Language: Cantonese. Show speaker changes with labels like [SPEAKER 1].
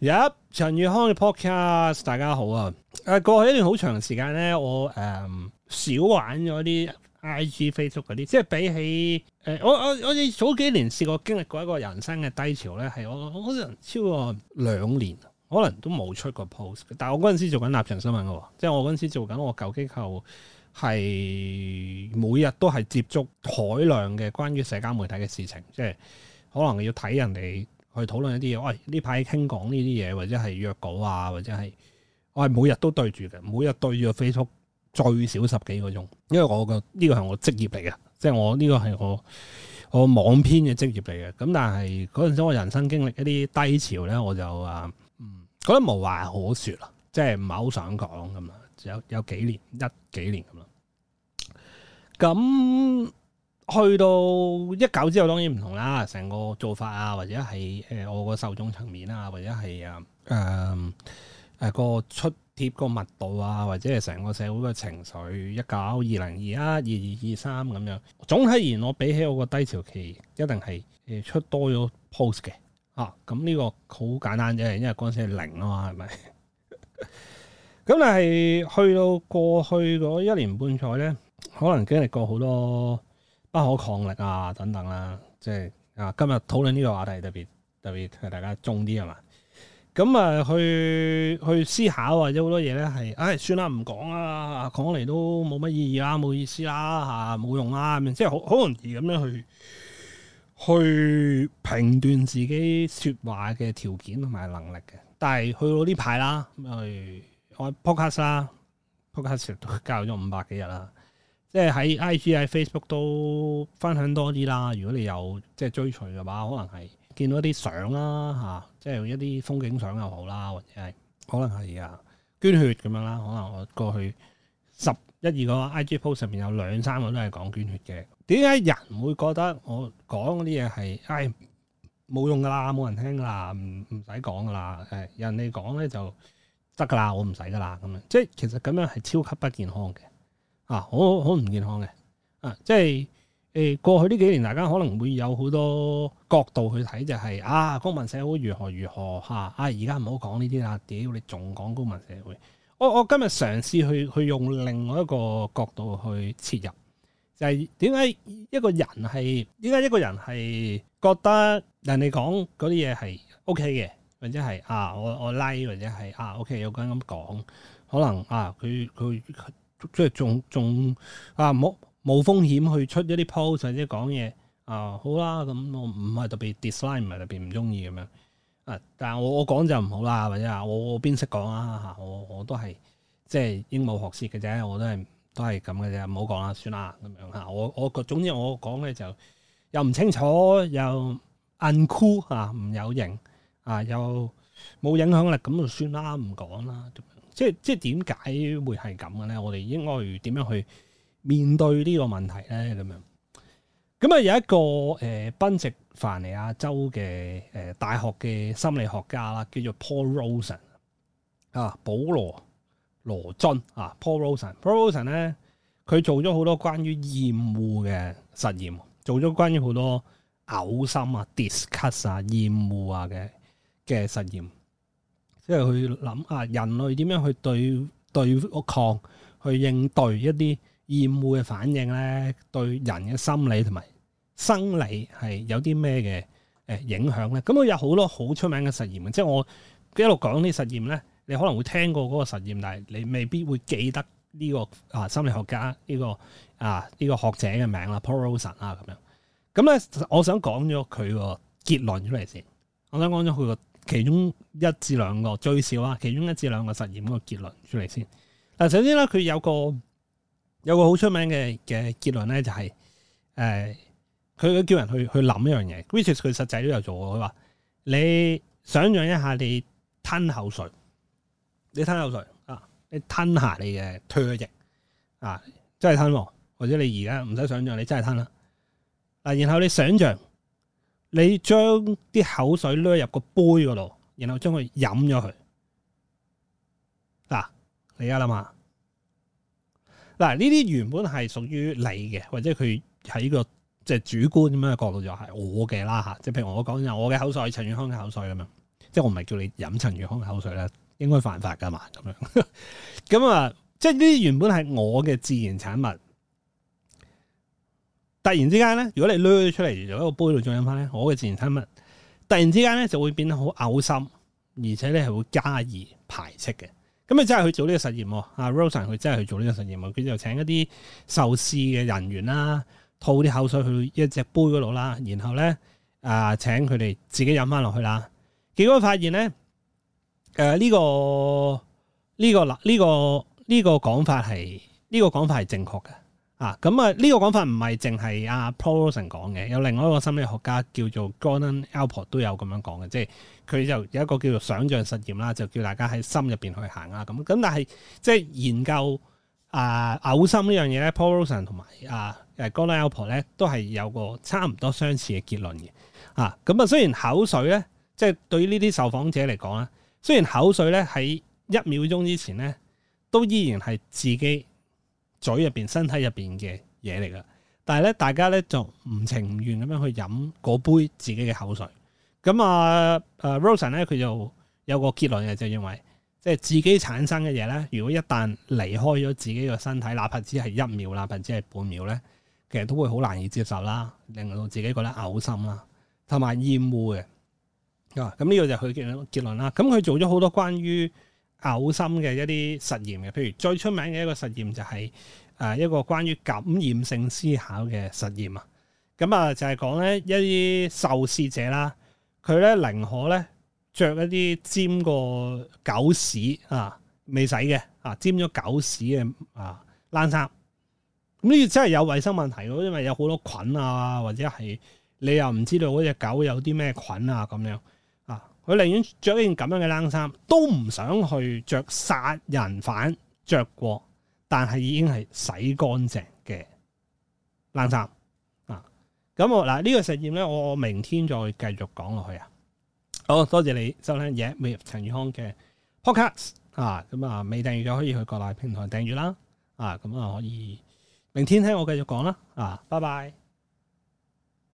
[SPEAKER 1] 有一陳宇康嘅 podcast，大家好啊！誒，過去一段好長嘅時間咧，我誒少、嗯、玩咗啲 IG、Facebook 嗰啲，即係比起誒、呃，我我我哋早幾年試過經歷過一個人生嘅低潮咧，係我我可能超過兩年，可能都冇出過 post。但係我嗰陣時做緊立場新聞嘅，即係我嗰陣時做緊我舊機構係每日都係接觸海量嘅關於社交媒體嘅事情，即係可能要睇人哋。去討論一啲嘢，喂、哎，呢排傾講呢啲嘢，或者係約稿啊，或者係我係每日都對住嘅，每日對住個 Facebook 最少十幾個鐘，因為我、個呢個係我職業嚟嘅，即係我呢個係我我網編嘅職業嚟嘅。咁但係嗰陣時我人生經歷一啲低潮咧，我就啊，嗯，覺得無話可說啦，即係唔係好想講咁啦，有有幾年一幾年咁啦，咁。去到一九之後，當然唔同啦。成個做法啊，或者係誒、呃、我個受眾層面啊，或者係啊誒誒個出帖個密度啊，或者係成個社會嘅情緒一九二零二一、二二二三咁樣。總體而言，我比起我個低潮期，一定係誒出多咗 post 嘅嚇。咁、啊、呢、呢個好簡單啫，因為嗰陣時係零啊嘛，係咪？咁 但係去到過去嗰一年半載咧，可能經歷過好多。不可抗力啊，等等啦，即係啊，今日討論呢個話題特別特別大家重啲係嘛？咁啊去去思考、啊、或者好多嘢咧係，唉、哎、算啦唔講啦，講嚟、啊、都冇乜意義啦、啊，冇意思啦、啊，吓、啊、冇用啦、啊，咁即係好好容易咁樣去去評斷自己說話嘅條件同埋能力嘅，但係去到呢排啦，去我 podcast 啦 podcast 教咗五百幾日啦。即係喺 IG 喺 Facebook 都分享多啲啦。如果你有即係追隨嘅話，可能係見到一啲相啦嚇，即係一啲風景相又好啦，或者係可能係啊捐血咁樣啦。可能我過去十一二個 IG post 上面有兩三個都係講捐血嘅。點解人會覺得我講嗰啲嘢係唉冇用㗎啦，冇人聽㗎啦，唔唔使講㗎啦。誒人哋講咧就得㗎啦，我唔使㗎啦咁樣。即係其實咁樣係超級不健康嘅。啊，好好唔健康嘅，啊，即係誒過去呢幾年，大家可能會有好多角度去睇，就係啊，公民社會如何如何嚇啊！而家唔好講呢啲啦，屌你仲講公民社會，我我今日嘗試去去用另外一個角度去切入，就係點解一個人係點解一個人係覺得人哋講嗰啲嘢係 OK 嘅，或者係啊我我 like 或者係啊 OK 有個人咁講，可能啊佢佢。即係仲仲啊冇冇風險去出一啲 post 或者講嘢啊，好啦咁、嗯、我唔係特別 dislike 唔係特別唔中意咁樣啊，但係我我講就唔好啦，或者我我啊，啊我我邊識講啊，嚇我我都係即係鸚鵡學舌嘅啫，我都係都係咁嘅啫，唔好講啦算啦咁樣嚇、啊、我我總之我講嘅就又唔清楚又 uncool 唔、啊、有型啊又冇影響力咁就、啊、算啦唔講啦。即係即係點解會係咁嘅咧？我哋應該點樣去面對呢個問題咧？咁樣咁啊，有一個誒，賓夕凡尼亞州嘅誒、呃、大學嘅心理學家啦，叫做 Paul Rosen 啊，保羅羅津啊，Paul Rosen，Paul Rosen 咧，佢做咗好多關於厭惡嘅實驗，做咗關於好多嘔心啊、disgust 啊、厭惡啊嘅嘅實驗。即係去諗啊，人類點樣去對對抗、去應對一啲厭惡嘅反應咧？對人嘅心理同埋生理係有啲咩嘅誒影響咧？咁、嗯、佢有好多好出名嘅實驗，即係我一路講啲實驗咧，你可能會聽過嗰個實驗，但係你未必會記得呢個啊心理學家呢、呢個啊呢、呢個學者嘅名啦，Paul Rozin 啊咁樣。咁、嗯、咧，我想講咗佢個結論出嚟先。我想講咗佢個。其中一至兩個最少啊，其中一至兩個實驗個結論出嚟先。嗱，首先咧，佢有個有個好出名嘅嘅結論咧、就是，就係誒，佢佢叫人去去諗一樣嘢。Which 佢實際都有做，佢話你想像一下，你吞口水，你吞口水啊，你吞下你嘅唾液啊，真係吞喎，或者你而家唔使想像，你真係吞啦。嗱、啊，然後你想像。你將啲口水攞入個杯嗰度，然後將佢飲咗佢。嗱、啊，你諗下啦嘛。嗱、啊，呢啲原本係屬於你嘅，或者佢喺個即係主觀咁樣嘅角度就係我嘅啦吓，即係譬如我講就我嘅口水，陳宇康嘅口水咁樣。即係我唔係叫你飲陳宇康嘅口水啦，應該犯法噶嘛咁樣。咁 啊、嗯，即係呢啲原本係我嘅自然產物。突然之間咧，如果你攞咗出嚟，就喺一個杯度再飲翻咧，我嘅自然生物突然之間咧就會變得好嘔心，而且咧係會加以排斥嘅。咁佢真係去做呢個實驗，阿 Rosan 佢真係去做呢個實驗，佢就請一啲受試嘅人員啦，吐啲口水去一隻杯嗰度啦，然後咧啊、呃、請佢哋自己飲翻落去啦，結果發現咧，誒、呃、呢、呢個呢、呢個嗱呢、呢個呢、呢個講法係呢、呢個講法係正確嘅。啊，咁啊，呢個講法唔係淨係阿 Paul Rosen 講嘅，有另外一個心理學家叫做 Gordon Allport 都有咁樣講嘅，即係佢就有一個叫做想像實驗啦，就叫大家喺心入邊去行啦，咁咁，但係即係研究啊、呃，嘔心、呃、呢樣嘢咧，Paul Rosen 同埋啊，誒 Gordon Allport 咧都係有個差唔多相似嘅結論嘅，啊，咁、嗯、啊，雖然口水咧，即係對於呢啲受訪者嚟講啦，雖然口水咧喺一秒鐘之前咧，都依然係自己。嘴入邊、身體入邊嘅嘢嚟㗎，但係咧，大家咧就唔情願咁樣去飲嗰杯自己嘅口水。咁、嗯、啊，誒，Rosen 咧佢就有個結論嘅，就認、是、為即係、就是、自己產生嘅嘢咧，如果一旦離開咗自己個身體，哪怕只係一秒，哪怕只係半秒咧，其實都會好難以接受啦，令到自己覺得嘔心啦，同埋厭惡嘅。啊、咁、嗯、呢、這個就佢嘅結論啦。咁佢、嗯、做咗好多關於。嘔心嘅一啲實驗嘅，譬如最出名嘅一個實驗就係、是、誒、呃、一個關於感染性思考嘅實驗啊，咁啊就係講咧一啲受試者啦，佢咧寧可咧着一啲沾過狗屎啊未洗嘅啊沾咗狗屎嘅啊爛衫，咁要、啊、真係有衛生問題咯，因為有好多菌啊，或者係你又唔知道嗰隻狗有啲咩菌啊咁樣。佢寧願着一件咁樣嘅冷衫，都唔想去着殺人犯着過，但係已經係洗乾淨嘅冷衫啊！咁我嗱呢、呢個實驗咧，我明天再繼續講落去啊！好多謝你收聽嘢，陳、yeah、宇康嘅 podcast 啊！咁啊，未訂閱嘅可以去各大平台訂閱啦！啊，咁啊可以，明天聽我繼續講啦！啊，拜拜。